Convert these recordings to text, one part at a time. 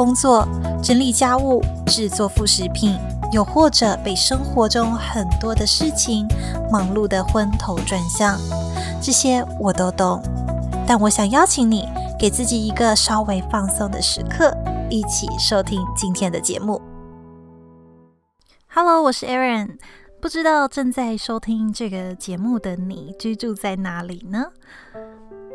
工作、整理家務、製作副食品，又或者被生活中很多的事情忙碌得昏頭轉向，這些我都懂。但我想邀請你，給自己一個稍微放鬆的時刻，一起收聽今天的節目。Hello，我是 Erin，不知道正在收聽這個節目的你居住在哪裡呢？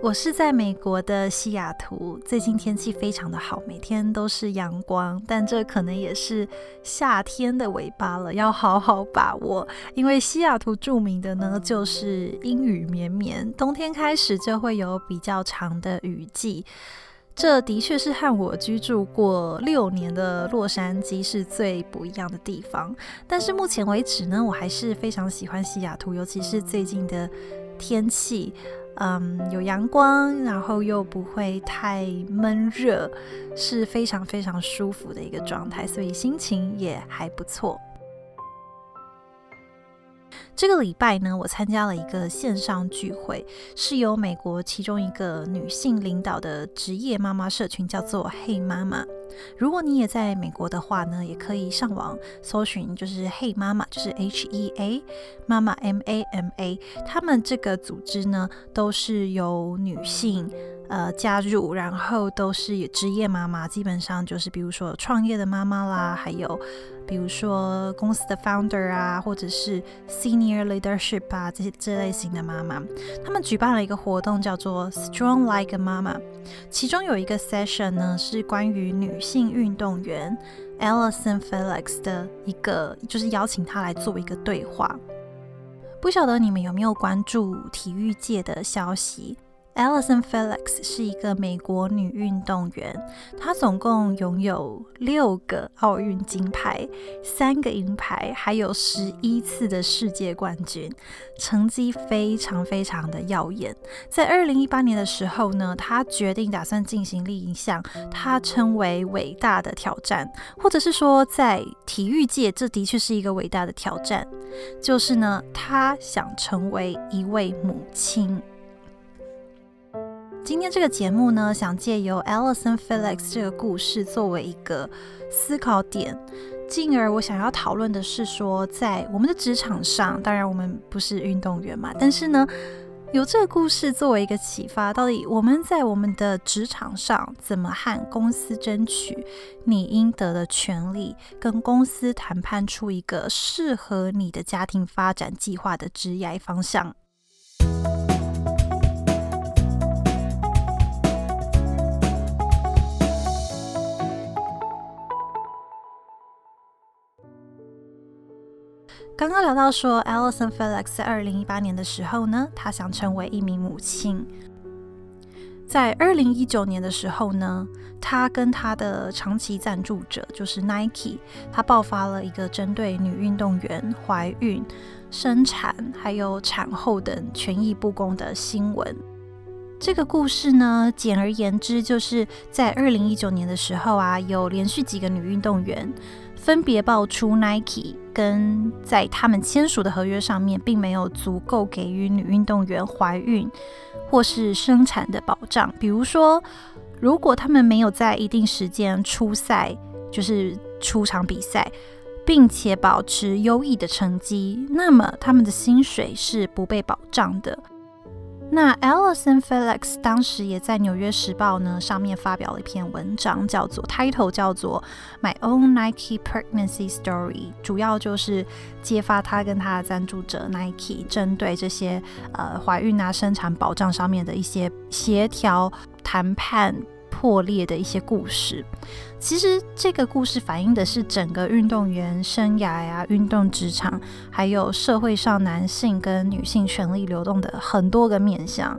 我是在美國的西雅圖，最近天氣非常的好，每天都是陽光，但這可能也是夏天的尾巴了，要好好把握。因為西雅圖著名的呢就是陰雨綿綿，冬天開始就會有比較長的雨季。這的確是和我居住過六年的洛杉磯是最不一樣的地方。但是目前為止呢，我還是非常喜歡西雅圖，尤其是最近的天氣。嗯，有陽光，然後又不會太悶熱，是非常非常舒服的一個狀態，所以心情也還不錯。這個禮拜呢，我參加了一個線上聚會，是由美國其中一個女性領導的職業媽媽社群，叫做“嘿媽媽”。如果你也在美國的話呢，也可以上網搜尋，就是“嘿媽媽”，就是 H E A 媽媽 M A M A。他們這個組織呢，都是由女性。呃，加入然後都是職業媽媽，基本上就是比如說創業的媽媽啦，還有比如說公司的 founder 啊，或者是 senior leadership 啊這些這類型的媽媽，他們舉辦了一個活動叫做 Strong Like 媽媽。其中有一個 session 呢是關於女性運動員 Allyson Felix 的一個，就是邀請她來做一個對話。不曉得你們有沒有關注體育界的消息？Allyson Felix 是一個美國女運動員，她總共擁有六個奧運金牌、三個銀牌，還有十一次的世界冠軍，成績非常非常的耀眼。在二零一八年的時候呢，她決定打算進行另一項，她稱為“偉大的挑戰”，或者是說在體育界，這的確是一個偉大的挑戰，就是呢，她想成為一位母親。今天這個節目呢，想借由 Allyson Felix 這個故事作為一個思考點，進而我想要討論的是說，在我們的職場上，當然我們不是運動員嘛，但是呢，有這個故事作為一個啟發，到底我們在我們的職場上怎麼和公司爭取你應得的權利，跟公司談判出一個適合你的家庭發展計劃的職業方向。剛剛聊到說，Allyson Felix 在二零一八年的時候呢，她想成為一名母親。在二零一九年的時候呢，她跟她的長期贊助者就是 Nike，她爆發了一個針對女運動員懷孕、生產，還有產後等權益不公的新聞。這個故事呢，簡而言之，就是在二零一九年的時候啊，有連續幾個女運動員分別爆出，Nike 跟在他們簽署的合約上面，並沒有足夠給予女運動員懷孕或是生產的保障。比如說，如果他們沒有在一定時間出賽，就是出場比賽，並且保持優異的成績，那麼他們的薪水是不被保障的。那 Allyson Felix 當時也在《紐約時報》呢上面發表了一篇文章，叫做 Title 叫做 My Own Nike Pregnancy Story，主要就是揭發他跟他的贊助者 Nike 針對這些呃懷孕啊生產保障上面的一些協調談判。破裂的一些故事。其實這個故事反映的是整個運動員生涯呀、啊、運動職場，還有社會上男性跟女性權力流動的很多個面向。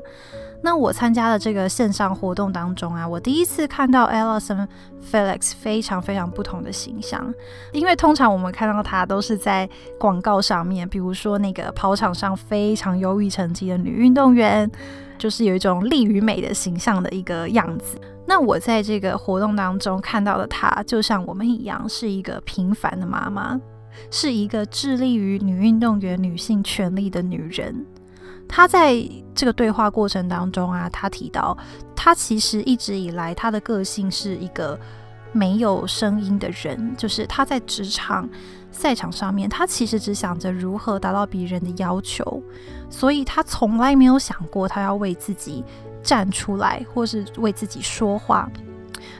那我參加了這個線上活動當中啊，我第一次看到 Allyson Felix 非常非常不同的形象，因為通常我們看到他都是在廣告上面，比如說那個跑場上非常優異成績的女運動員。就是有一種力與美的形象的一個樣子。那我在這個活動當中看到的她，就像我們一樣，是一個平凡的媽媽，是一個致力於女運動員、女性權利的女人。她在這個對話過程當中啊，她提到，她其實一直以來她的個性是一個沒有聲音的人，就是她在職場。賽場上面，他其實只想着如何達到別人的要求，所以他從來沒有想過他要為自己站出來，或是為自己說話。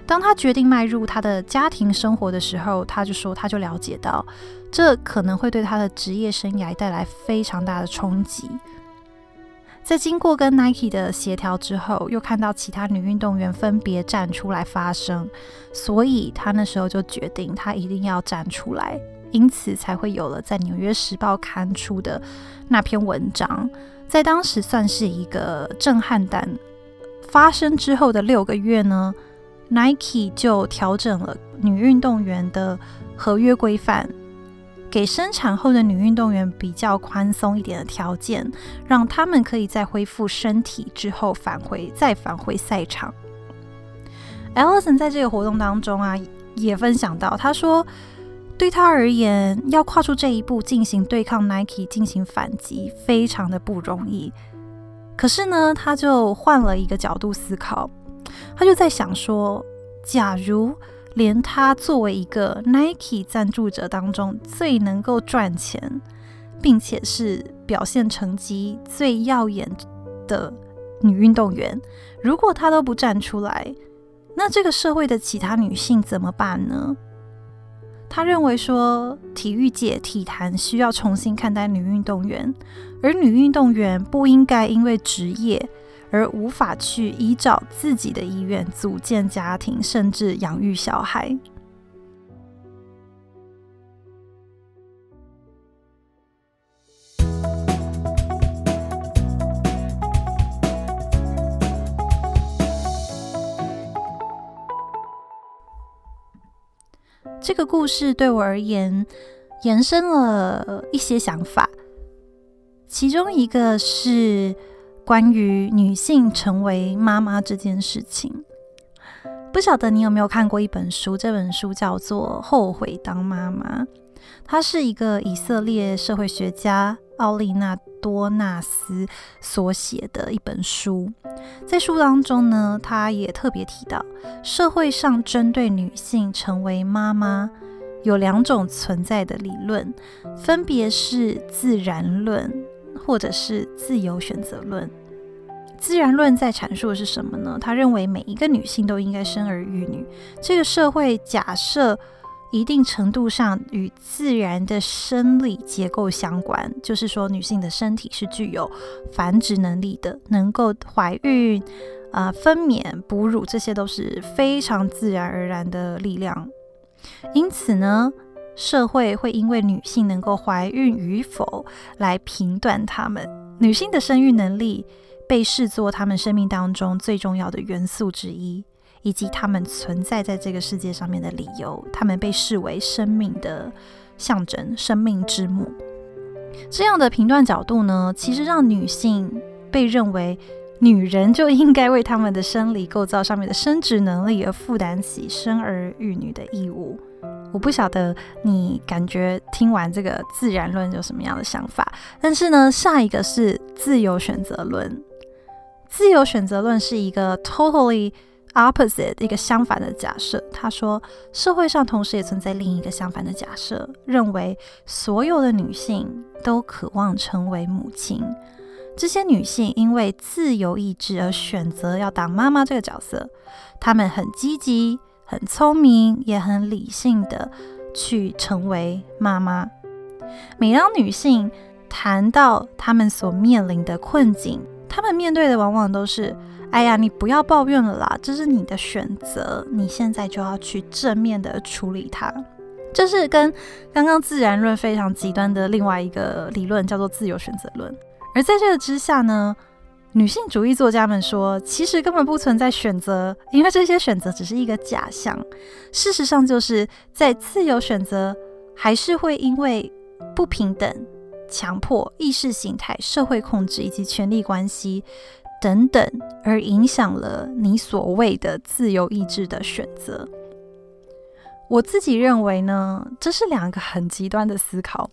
當他決定邁入他的家庭生活的時候，他就說他就了解到這可能會對他的職業生涯帶來非常大的衝擊。在經過跟 Nike 的協調之後，又看到其他女運動員分別站出來發聲，所以他那時候就決定，他一定要站出來。因此才會有了在《紐約時報》刊出的那篇文章，在當時算是一個震撼彈。發生之後的六個月呢，Nike 就調整了女運動員的合約規範，給生產後的女運動員比較寬鬆一點的條件，讓他們可以在恢復身體之後返回，再返回賽場。Allyson 在這個活動當中啊，也分享到，他說。對他而言，要跨出這一步進行對抗 Nike 進行反擊，非常的不容易。可是呢，他就換了一個角度思考，他就在想說，假如連他作為一個 Nike 贊助者當中最能夠賺錢，並且是表現成績最耀眼的女運動員，如果她都不站出來，那這個社會的其他女性怎麼辦呢？他認為說，體育界、體壇需要重新看待女運動員，而女運動員不應該因為職業而無法去依照自己的意願組建家庭，甚至養育小孩。這個故事對我而言延伸了一些想法，其中一個是關於女性成為媽媽這件事情。不曉得你有沒有看過一本書，這本書叫做《後悔當媽媽》。他是一個以色列社會學家奧爾娜‧多娜絲所寫的一本書，在書當中呢，他也特別提到，社會上針對女性成為媽媽有兩種存在的理論，分別是自然論或者是自由選擇論。自然論在闡述的是什麼呢？他認為每一個女性都應該生兒育女，這個社會假設。一定程度上與自然的生理結構相關，就是說女性的身體是具有繁殖能力的，能夠懷孕、啊、呃、分娩、哺乳，這些都是非常自然而然的力量。因此呢，社會會因為女性能夠懷孕與否來評斷她們。女性的生育能力被視作她們生命當中最重要的元素之一。以及他們存在在這個世界上面的理由，他們被視為生命的象徵、生命之母。這樣的評斷角度呢，其實讓女性被認為女人就應該為他們的生理構造上面的生殖能力而負擔起生兒育女的義務。我不曉得你感覺聽完這個自然論有什麼樣的想法，但是呢，下一個是自由選擇論。自由選擇論是一個 totally Opposite 一個相反的假設，他說，社會上同時也存在另一個相反的假設，認為所有的女性都渴望成為母親。這些女性因為自由意志而選擇要當媽媽這個角色，她們很積極、很聰明，也很理性的去成為媽媽。每當女性談到她們所面臨的困境，她們面對的往往都是。哎呀，你不要抱怨了啦，這是你的選擇，你現在就要去正面的處理它。這是跟剛剛自然論非常極端的另外一個理論，叫做自由選擇論。而在這個之下呢，女性主義作家們說，其實根本不存在選擇，因為這些選擇只是一個假象。事實上，就是在自由選擇，還是會因為不平等、強迫、意識形態、社會控制以及權力關係。等等，而影響了你所謂的自由意志的選擇。我自己認為呢，這是兩個很極端的思考。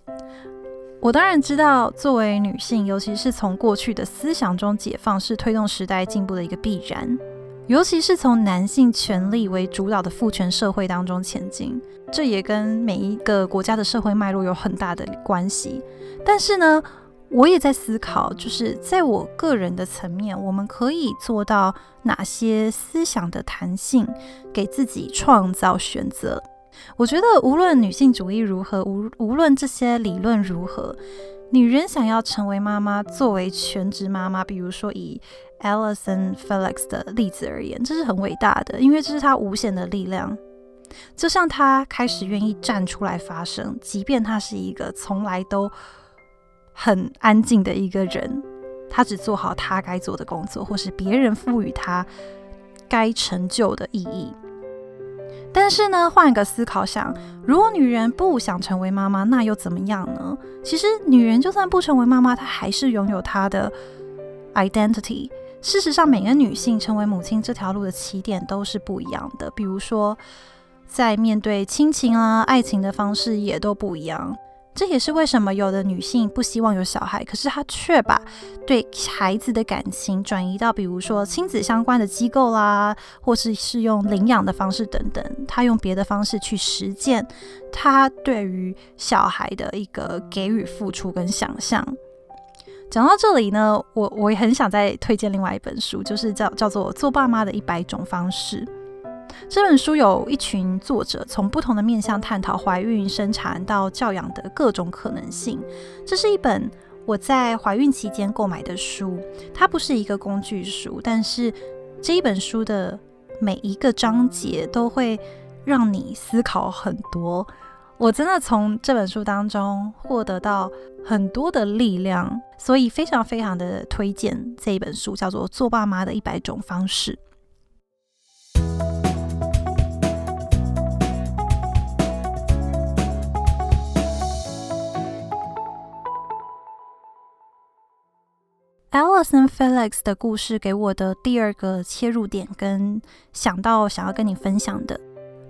我當然知道，作為女性，尤其是從過去的思想中解放，是推動時代進步的一個必然。尤其是從男性權力為主導的父權社會當中前進，這也跟每一個國家的社會脈絡有很大的關係。但是呢，我也在思考，就是在我個人的層面，我們可以做到哪些思想的彈性，給自己創造選擇。我覺得，無論女性主義如何，無無論這些理論如何，女人想要成為媽媽，作為全職媽媽，比如說以 Allyson Felix 的例子而言，這是很偉大的，因為這是她無限的力量。就像她開始願意站出來發聲，即便她是一個從來都，很安靜的一個人，他只做好他該做的工作，或是別人賦予他該成就的意義。但是呢，換個思考想，想如果女人不想成為媽媽，那又怎麼樣呢？其實，女人就算不成為媽媽，她還是擁有她的 identity。事實上，每個女性成為母親這條路的起點都是不一樣的，比如說，在面對親情啊、愛情的方式也都不一樣。這也是為什麼有的女性不希望有小孩，可是她卻把對孩子的感情轉移到，比如說親子相關的機構啦，或是是用領養的方式等等，她用別的方式去實踐她對於小孩的一個給予、付出跟想象。講到這裡呢，我我也很想再推薦另外一本書，就是叫叫做《做爸媽的一百種方式》。這本書有一群作者從不同的面向探討懷孕、生產到教養的各種可能性。這是一本我在懷孕期間購買的書，它不是一個工具書，但是這一本書的每一個章節都會讓你思考很多。我真的從這本書當中獲得到很多的力量，所以非常非常的推薦這一本書，叫做《做爸媽的一百種方式》。Allyson Felix 的故事給我的第二個切入點，跟想到想要跟你分享的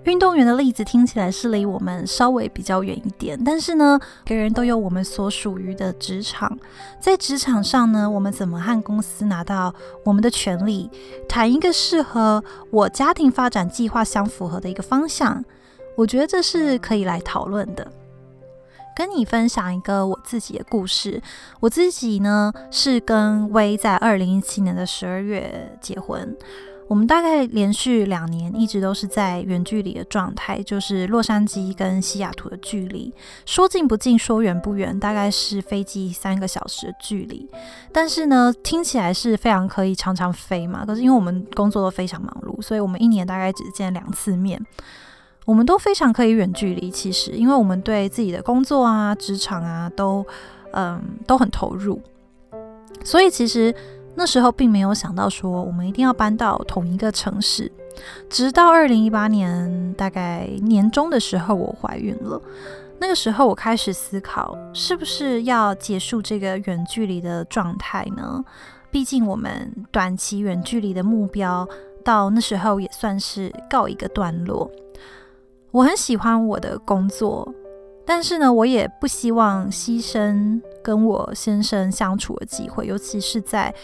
運動員的例子，聽起來是離我們稍微比較遠一點。但是呢，人人都有我們所屬於的職場，在職場上呢，我們怎麼和公司拿到我們的權利，談一個適合我家庭發展計劃相符合的一個方向？我覺得這是可以來討論的。跟你分享一個我自己的故事。我自己呢，是跟威在二零一七年的十二月結婚。我們大概連續兩年一直都是在遠距離的狀態，就是洛杉磯跟西雅圖的距離，說近不近，說遠不遠，大概是飛機三個小時的距離。但是呢，聽起來是非常可以常常飛嘛。可是因為我們工作都非常忙碌，所以我們一年大概只見兩次面。我們都非常可以遠距離，其實，因為我們對自己的工作啊、職場啊都，嗯，都很投入，所以其實那時候並沒有想到說我們一定要搬到同一個城市。直到二零一八年大概年中的時候，我懷孕了，那個時候我開始思考，是不是要結束這個遠距離的狀態呢？畢竟我們短期遠距離的目標到那時候也算是告一個段落。我很喜歡我的工作，但是呢，我也不希望犧牲跟我先生相處的機會，尤其是在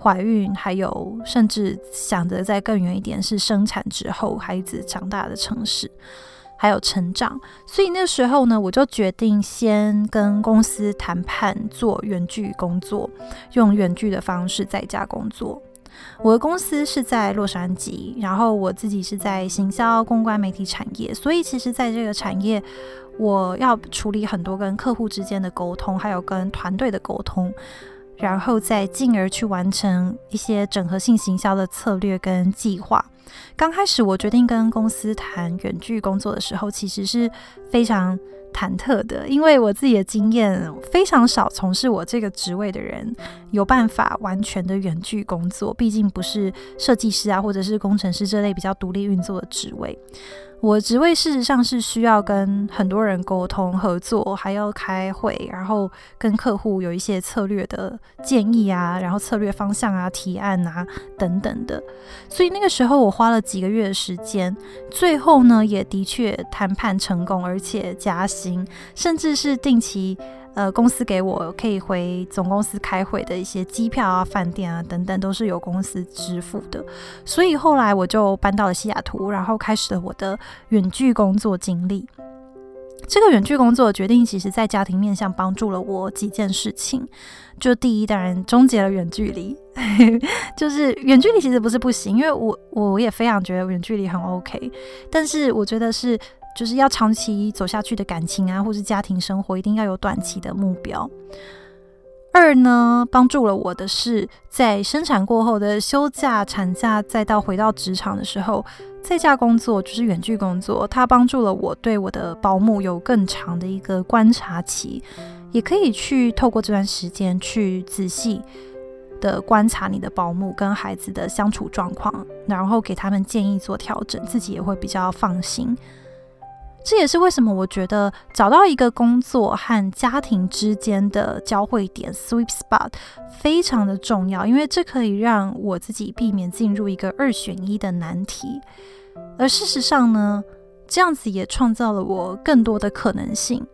懷孕，還有甚至想得再更遠一點是生產之後，孩子長大的城市，還有成長。所以那時候呢，我就決定先跟公司談判，做遠距工作，用遠距的方式在家工作。我的公司是在洛杉磯，然後我自己是在行銷公關媒體產業，所以其實在這個產業，我要處理很多跟客戶之間的溝通，還有跟團隊的溝通，然後再進而去完成一些整合性行銷的策略跟計劃。剛開始我決定跟公司談遠距工作的時候，其實是非常忐忑的，因為我自己的經驗，非常少從事我這個職位的人有辦法完全的遠距工作，畢竟不是設計師啊，或者是工程師這類比較獨立運作的職位。我職位事實上是需要跟很多人溝通合作，還要開會，然後跟客戶有一些策略的建議啊，然後策略方向啊、提案啊等等的。所以那個時候我花了幾個月的時間，最後呢也的確談判成功，而且加薪，甚至是定期。呃，公司給我可以回總公司開會的一些機票啊、飯店啊等等，都是由公司支付的。所以後來我就搬到了西雅圖，然後開始了我的遠距工作經歷。這個遠距工作決定，其實在家庭面向幫助了我幾件事情。就第一，當然終結了遠距離， 就是遠距離其實不是不行，因為我我也非常覺得遠距離很 OK，但是我覺得是。就是要長期走下去的感情啊，或是家庭生活，一定要有短期的目標。二呢，幫助了我的是，在生產過後的休假、產假，再到回到職場的時候，在家工作就是遠距工作，它幫助了我對我的保姆有更長的一個觀察期，也可以去透過這段時間去仔細的觀察你的保姆跟孩子的相處狀況，然後給他們建議做調整，自己也會比較放心。這也是為什麼我覺得找到一個工作和家庭之間的交匯點 s w e e p spot） 非常的重要，因為這可以讓我自己避免進入一個二選一的難題。而事實上呢，這樣子也創造了我更多的可能性。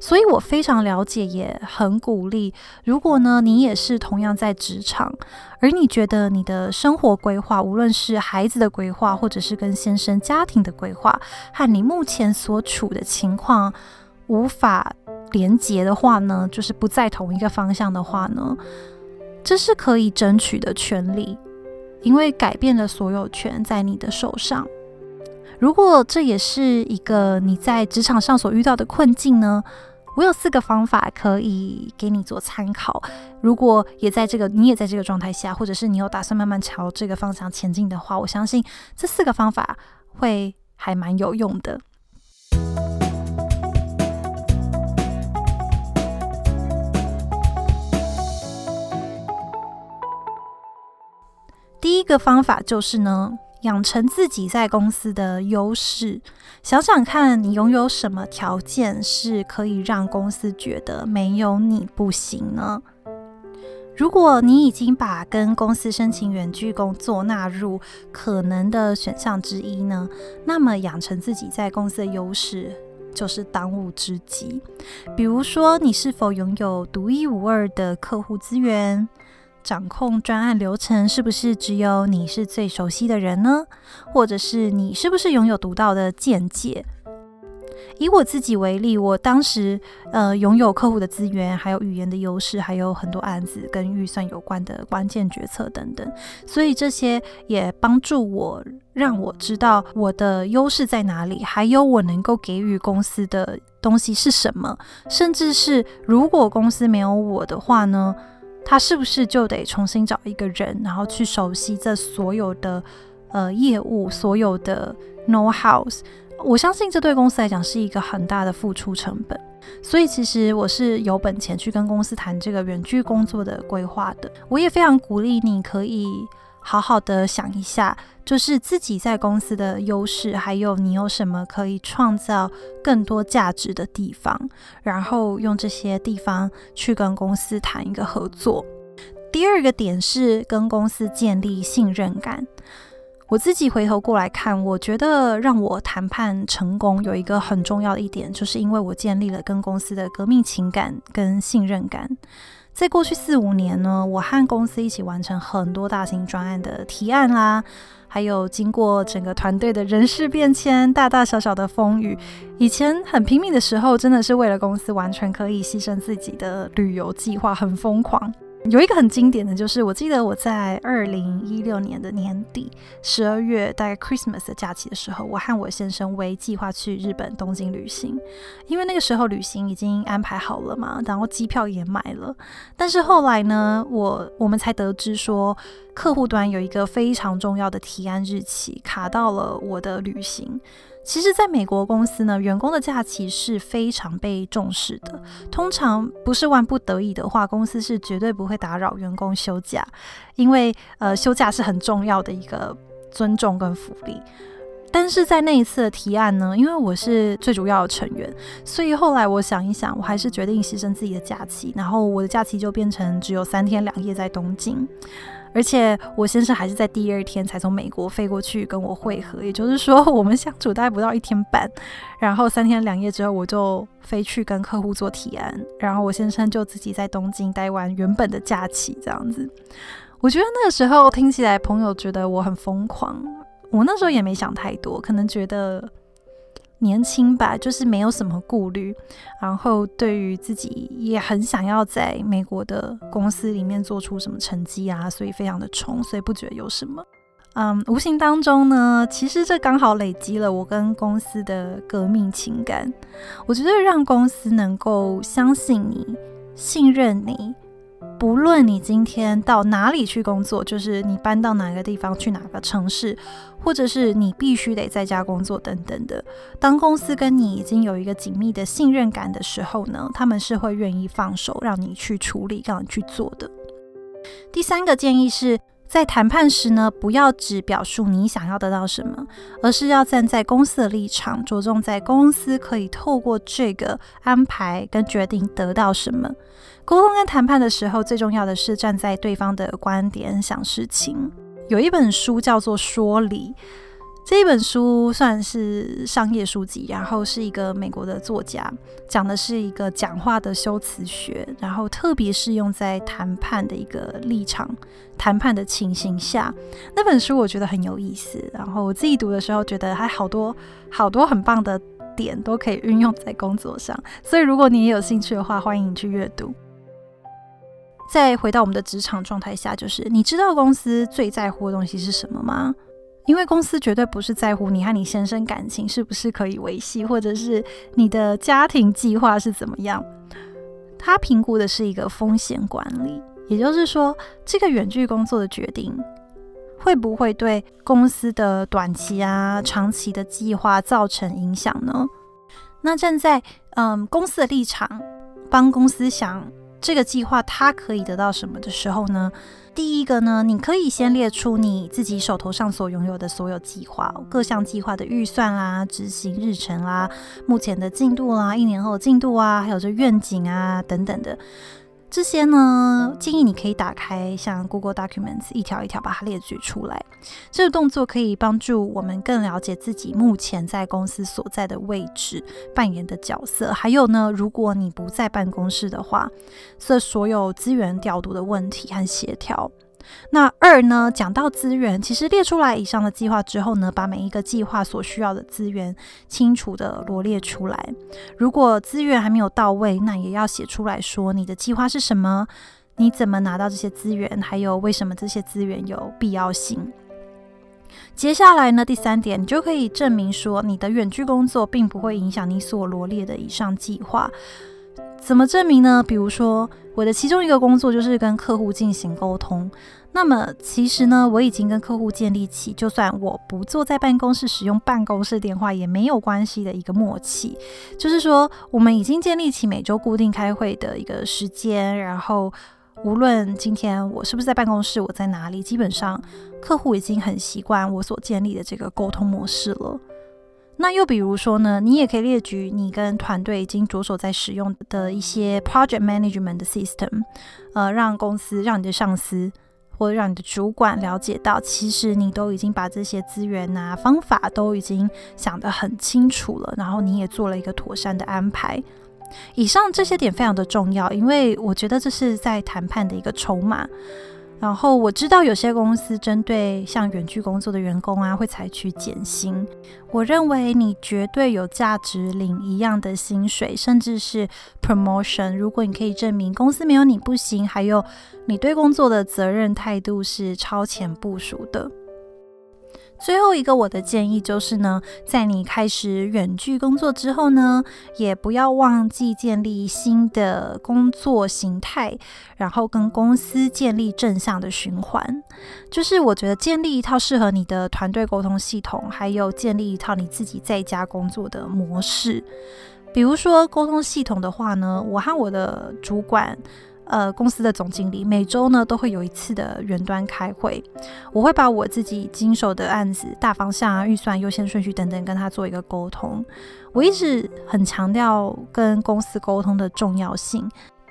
所以，我非常了解，也很鼓勵。如果呢，你也是同樣在職場，而你覺得你的生活規劃，無論是孩子的規劃，或者是跟先生、家庭的規劃，和你目前所處的情況無法連接的話呢，就是不在同一個方向的話呢，這是可以爭取的權利，因為改變的所有權在你的手上。如果這也是一個你在職場上所遇到的困境呢，我有四個方法可以給你做參考。如果也在這個，你也在這個狀態下，或者是你有打算慢慢朝這個方向前進的話，我相信這四個方法會還蠻有用的。第一個方法就是呢，養成自己在公司的優勢，想想看，你擁有什麼條件是可以讓公司覺得沒有你不行呢？如果你已經把跟公司申請遠距工作納入可能的選項之一呢，那麼養成自己在公司的優勢就是當務之急。比如說，你是否擁有獨一無二的客戶資源？掌控專案流程是不是只有你是最熟悉的人呢？或者是你是不是擁有獨到的見解？以我自己為例，我當時呃擁有客戶的資源，還有語言的優勢，還有很多案子跟預算有關的關鍵決策等等，所以這些也幫助我讓我知道我的優勢在哪裡，還有我能夠給予公司的東西是什麼，甚至是如果公司沒有我的話呢？他是不是就得重新找一個人，然後去熟悉這所有的呃業務，所有的 know-how？我相信這對公司來講是一個很大的付出成本。所以其實我是有本錢去跟公司談這個遠距工作的規劃的。我也非常鼓勵你可以。好好的想一下，就是自己在公司的優勢，還有你有什麼可以創造更多價值的地方，然後用這些地方去跟公司談一個合作。第二個點是跟公司建立信任感。我自己回頭過來看，我覺得讓我談判成功有一個很重要的一點，就是因為我建立了跟公司的革命情感跟信任感。在過去四五年呢，我和公司一起完成很多大型專案的提案啦，還有經過整個團隊的人事變遷、大大小小的風雨。以前很拼命的時候，真的是為了公司，完全可以犧牲自己的旅遊計劃，很瘋狂。有一個很經典的就是，我記得我在二零一六年的年底，十二月大概 Christmas 的假期的時候，我和我先生為計劃去日本東京旅行，因為那個時候旅行已經安排好了嘛，然後機票也買了，但是後來呢，我我們才得知說，客戶端有一個非常重要的提案日期卡到了我的旅行。其實，在美國公司呢，員工的假期是非常被重視的。通常不是萬不得已的話，公司是絕對不會打擾員工休假，因為呃，休假是很重要的一個尊重跟福利。但是在那一次的提案呢，因為我是最主要的成員，所以後來我想一想，我還是決定犧牲自己的假期，然後我的假期就變成只有三天兩夜在東京。而且我先生還是在第二天才從美國飛過去跟我會合，也就是說我們相處大概不到一天半，然後三天兩夜之後我就飛去跟客戶做提案，然後我先生就自己在東京待完原本的假期這樣子。我覺得那個時候聽起來朋友覺得我很瘋狂，我那時候也沒想太多，可能覺得。年輕吧，就是沒有什麼顧慮，然後對於自己也很想要在美國的公司裡面做出什麼成績啊，所以非常的衝，所以不覺得有什麼。嗯，um，無形當中呢，其實這剛好累積了我跟公司的革命情感。我覺得讓公司能夠相信你、信任你。無論你今天到哪裡去工作，就是你搬到哪個地方去哪個城市，或者是你必須得在家工作等等的。當公司跟你已經有一個緊密的信任感的時候呢，他們是會願意放手讓你去處理、讓你去做的。第三個建議是，在談判時呢，不要只表述你想要得到什麼，而是要站在公司的立場，着重在公司可以透過這個安排跟決定得到什麼。溝通跟談判的時候，最重要的是站在對方的觀點，想事情。有一本書叫做《說理》。這一本書算是商業書籍，然後是一個美國的作家，講的是一個講話的修辭學，然後特別適用在談判的一個立場，談判的情形下，那本書我覺得很有意思。然後我自己讀的時候，覺得還好多好多很棒的點都可以運用在工作上，所以如果你也有興趣的話，歡迎你去閱讀。再回到我們的職場狀態下，就是你知道公司最在乎的東西是什麼嗎？因為公司絕對不是在乎你和你先生感情是不是可以維繫，或者是你的家庭計劃是怎麼樣，他評估的是一個風險管理，也就是說，這個遠距工作的決定會不會對公司的短期啊、長期的計劃造成影響呢？那站在嗯公司的立場，幫公司想。這個計劃，它可以得到什麼的時候呢？第一個呢，你可以先列出你自己手頭上所擁有的所有計劃，各項計劃的預算啦、執行日程啦、目前的進度啦、一年後的進度啊，還有這願景啊等等的。這些呢，建議你可以打開像 Google Documents，一條一條把它列舉出來。這個動作可以幫助我們更了解自己目前在公司所在的位置、扮演的角色。還有呢，如果你不在辦公室的話，這所，所有資源調度的問題和協調。那二呢，講到資源，其實列出來以上的計劃之後呢，把每一個計劃所需要的資源清楚地羅列出來。如果資源還沒有到位，那也要寫出來說你的計劃是什麼，你怎麼拿到這些資源，還有為什麼這些資源有必要性。接下來呢，第三點，你就可以證明說你的遠距工作並不會影響你所羅列的以上計劃。怎麼證明呢？比如說，我的其中一個工作就是跟客戶進行溝通。那麼其實呢，我已經跟客戶建立起，就算我不坐在辦公室使用辦公室電話也沒有關係的一個默契。就是說，我們已經建立起每周固定開會的一個時間。然後，無論今天我是不是在辦公室，我在哪裡，基本上客戶已經很習慣我所建立的這個溝通模式了。那，又比如說呢，你也可以列舉你跟團隊已經着手在使用的一些 project management system，呃，讓公司讓你的上司或者讓你的主管了解到，其實你都已經把這些資源啊、方法都已經想得很清楚了，然後你也做了一個妥善的安排。以上這些點非常的重要，因為我覺得這是在談判的一個籌碼。然後我知道有些公司針對像遠距工作的員工啊，會採取減薪。我認為你絕對有價值領一樣的薪水，甚至是 promotion。如果你可以證明公司沒有你不行，還有你對工作的責任態度是超前部署的。最後一個我的建議就是呢，在你開始遠距工作之後呢，也不要忘記建立新的工作形態，然後跟公司建立正向的循環。就是我覺得建立一套適合你的團隊溝通系統，還有建立一套你自己在家工作的模式。比如說溝通系統的話呢，我和我的主管。呃，公司的總經理每周呢都會有一次的遠端開會，我會把我自己經手的案子、大方向啊、預算、優先順序等等跟他做一個溝通。我一直很強調跟公司溝通的重要性，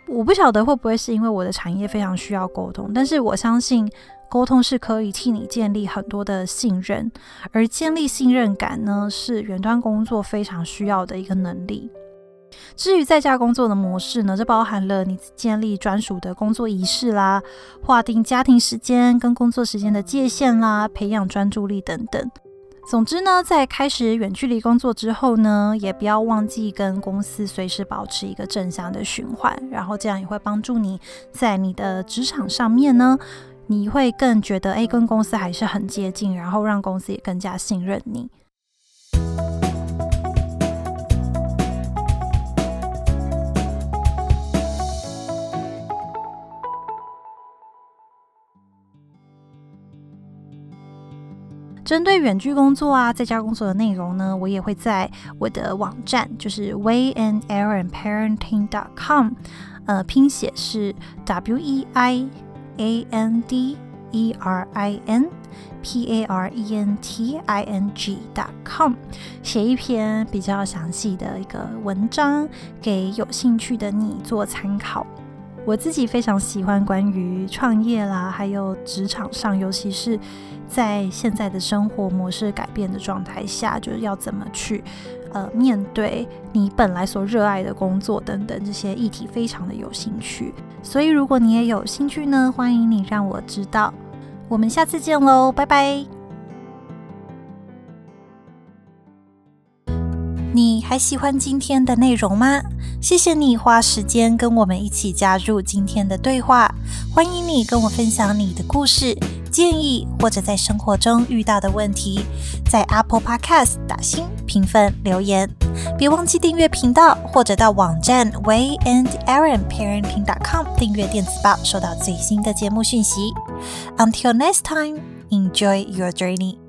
我不曉得會不會是因為我的產業非常需要溝通，但是我相信溝通是可以替你建立很多的信任，而建立信任感呢是遠端工作非常需要的一個能力。至於在家工作的模式呢，這包含了你建立專屬的工作儀式啦，劃定家庭時間跟工作時間的界限啦，培養專注力等等。總之呢，在開始遠距離工作之後呢，也不要忘記跟公司隨時保持一個正向的循環，然後這樣也會幫助你在你的職場上面呢，你會更覺得誒、欸，跟公司還是很接近，然後讓公司也更加信任你。針對遠距工作啊，在家工作的內容呢，我也會在我的網站，就是 weianderinparenting.com，呃，拼寫是 w-e-i-a-n-d-e-r-i-n-p-a-r-e-n-t-i-n-g.com，寫一篇比較詳細的一個文章給有興趣的你做參考。我自己非常喜歡關於創業啦，還有職場上，尤其是在現在的生活模式改變的狀態下，就是要怎麼去呃面對你本來所熱愛的工作等等這些議題，非常的有興趣。所以如果你也有興趣呢，歡迎你讓我知道。我們下次見嘍，拜拜。你還喜歡今天的內容嗎？謝謝你花時間跟我們一起加入今天的對話。歡迎你跟我分享你的故事、建議或者在生活中遇到的問題，在 Apple Podcast 打星、評分、留言。別忘記訂閱頻道或者到網站 WeiandErinParenting.com 訂閱電子報，收到最新的節目訊息。Until next time, enjoy your journey.